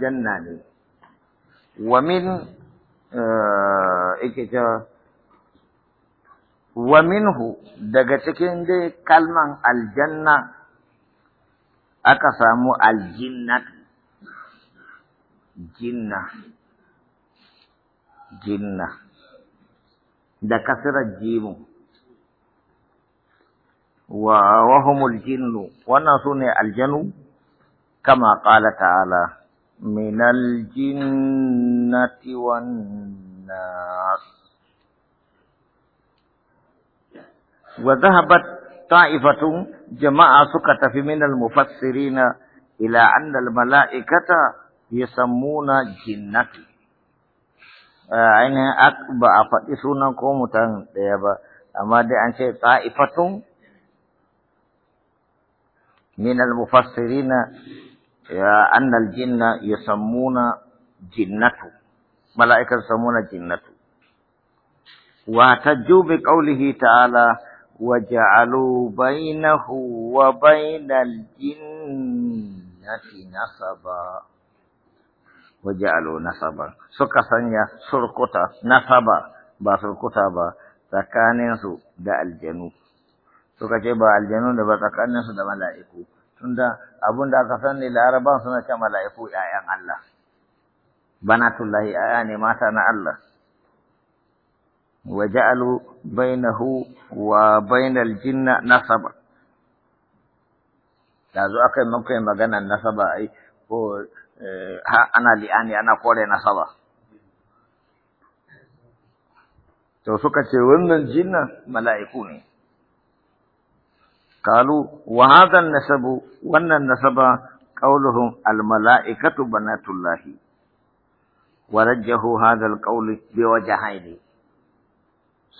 aljanna ne wa min eh, wa minhu daga cikin dai kalman aljanna aka samu aljinna jinna jinna da kasirar jimu wa wahumul jinnu wannan su ne aljanu kama ƙala ta'ala Minal jinnati wannan. Wa zahabar ta jama'a suka tafi minal mu fassirina, ila annala mala'ikata yasamuna samuna jinnati. A ah, ina yin akli ba a faɗi sunan komu tan yaba. Amade an ce ta minal mu أن الجن يسمون جنته ملائكة يسمون جنته واحتجوا بقوله تعالى وجعلوا بينه وبين الجنة نصبا وجعلوا نصبا سكا سنيا سركتا نصبا با سركتا با تكانين سو دا الجنوب سكا جيبا الجنوب با تكانين سو دا ملائكو tunda abun da aka sani laraban suna ce mala'iku ‘ya'yan Allah, banatullahi ‘ya'ya ne mata na Allah, wa ja'alu bainahu wa bainal jinna nasaba. Da zo aka yi magana yi nasaba ai, ko eh, ana li'ani ana kore nasaba. To suka ce wannan jinna mala'iku ne. قالوا وهذا النسب وأن النسب قولهم الملائكة بنات الله ورجحوا هذا القول بوجهين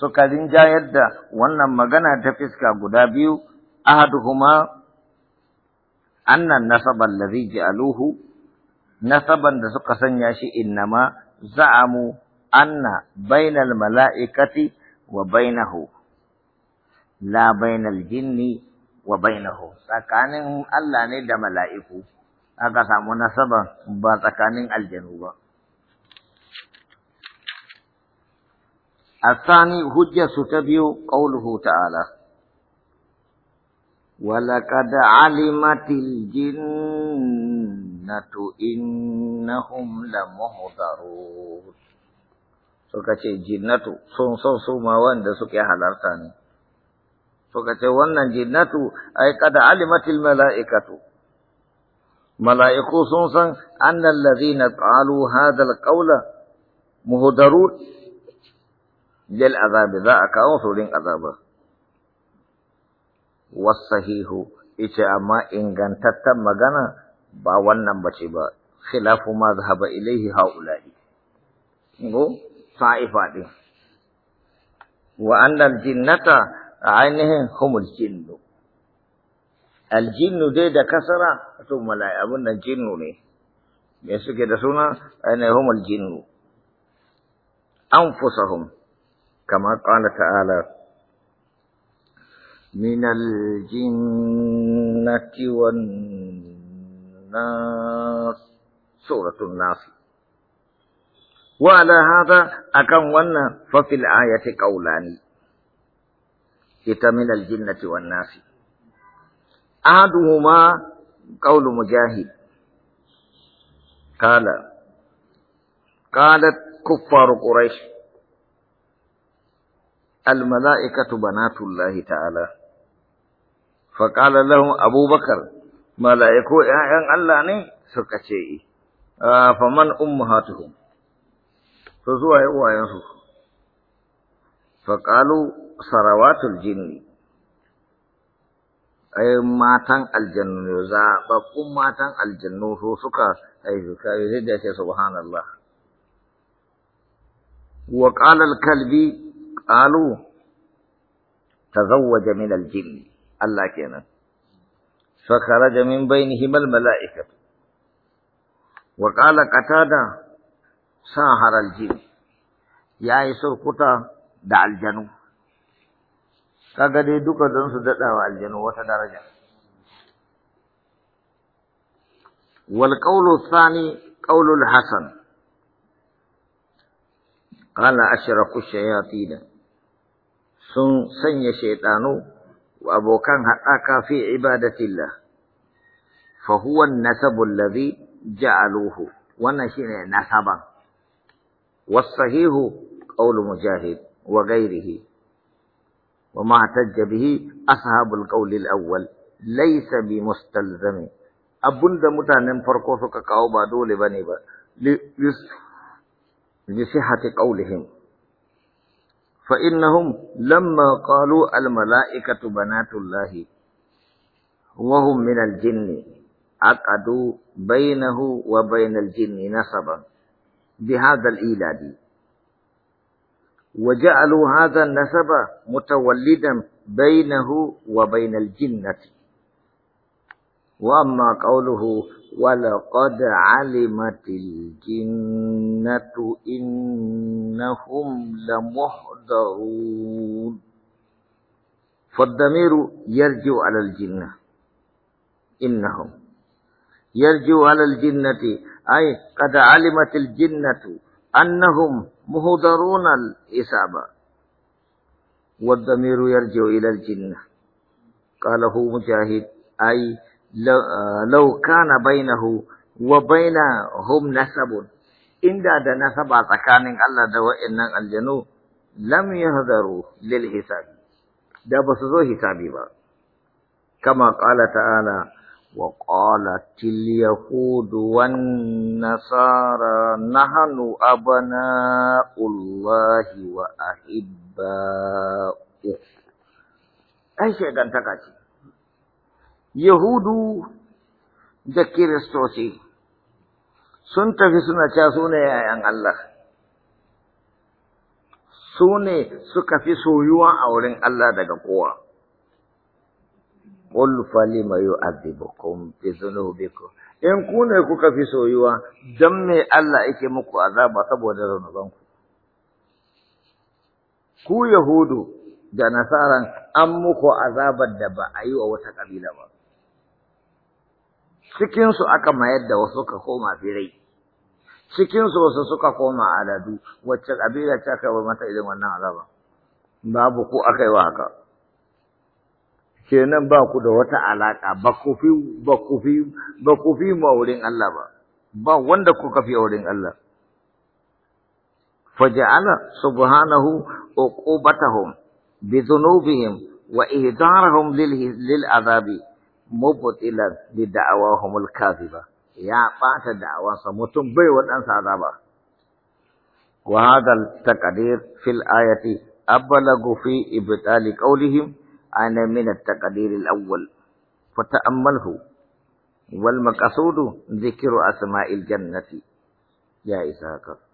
suka rinjayar da wannan magana ta fiska guda biyu ahaduhuma annan nasaban ladhi ja'aluhu nasaban da suka sanya shi innama za'amu anna bainal mala'ikati wa bainahu la bainal jinni wa bainahu tsakanin Allah ne da mala'iku aka samu nasaba ba tsakanin aljanu ba الثاني هجة تبيو قوله تعالى ولقد علمت الجنة da لمهضرون suka ce jinnatu sun son su ma wanda suke halarta ne فكتوانا جناتو اي قد علمت الملائكة ملائكو سنسا ان الذين قالوا هذا القول مهدرون للعذاب ذا اكاوثو لين عذاب والصحيح اتا اما انغان تتم مغانا باوانا بچبا خلاف ما ذهب اليه هؤلاء نقول صائفات وان الجنة عينهم هم الجن الجن دي ده كسرة ثم لا يأمن الجن لي يسوك يدسونا أين هم الجن أنفسهم كما قال تعالى من الجنة والناس سورة الناس وعلى هذا أكون ففي الآية قولاني كتا من الجنة والناس أحدهما قول مجاهد قال قالت كفار قريش الملائكة بنات الله تعالى فقال لهم أبو بكر ملائكة أن الله ني سكتشي فمن أمهاتهم فزوا يوا ينصر فقالوا صروات الجن أي ماتن الجن بقوم ماتن الجن سوسكا أي سوسكا سبحان الله وقال الكلبي قالوا تزوج من الجن الله كان فخرج من بينهما الملائكة وقال قتادة ساهر الجن يا يسر قتا da aljanu kaga dai duka don su daɗa wa aljanu wata daraja wal qawlu thani qawlu al hasan qala ashraku shayatin sun sanya shaytanu wa abokan haɗaka fi ibadatillah fa huwa an-nasabu alladhi ja'aluhu wannan shine nasaban was sahihu qawlu وغيره وما اعتج به أصحاب القول الأول ليس بمستلزم أبن دمتا نمفر كوسك كاوبا دول بنيبا لصحة قولهم فإنهم لما قالوا الملائكة بنات الله وهم من الجن أقعدوا بينه وبين الجن نصبا بهذا الإيلادي وجعلوا هذا النسب متولدا بينه وبين الجنة وأما قوله ولقد علمت الجنة إنهم لمحضرون فالضمير يرجع على الجنة إنهم يرجع على الجنة أي قد علمت الجنة أنهم مهدرون الإصابة والضمير يرجع إلى الجنة قاله مجاهد أي لو كان بينه وبينهم نسب إن داد نسب أتكان الله دواء إن الجنو لم يهدروا للحساب دا بسزو حسابي با كما قال تعالى وقالت اليهود والنصارى نحن أبناء الله وأحباؤه أي شيء تكاتي Yahudu da Kiristoci sun tafi suna ca su yayan Allah, su ne suka fi soyuwa a wurin Allah daga kowa. qul falima yu'adhibukum bi dhunubikum in ku ne kuka fi soyuwa dan me Allah yake muku azaba saboda zanubanku ku yahudu da nasaran an muku azabar da ba a yi wa wata ƙabila ba cikinsu aka mayar da wasu ka koma birai cikinsu wasu suka koma aladu wacce ƙabila ta kai wa mata irin wannan azaba babu ku aka yi wa haka kenan ba ku da wata alaka ba ku fi ba ku fi ba ku fi mu wurin Allah ba ba wanda ku kafi wurin Allah faja'ala subhanahu uqubatahum bi dhunubihim wa ihdarahum lil lil adabi mubtilan bi da'awahum al kadhiba ya bata sa mutum bai wadan sa azaba wa hadal taqdir fil ayati أبلغ في إبطال قولهم أنا من التقدير الأول فتأمله والمقصود ذكر أسماء الجنة يا إسحاق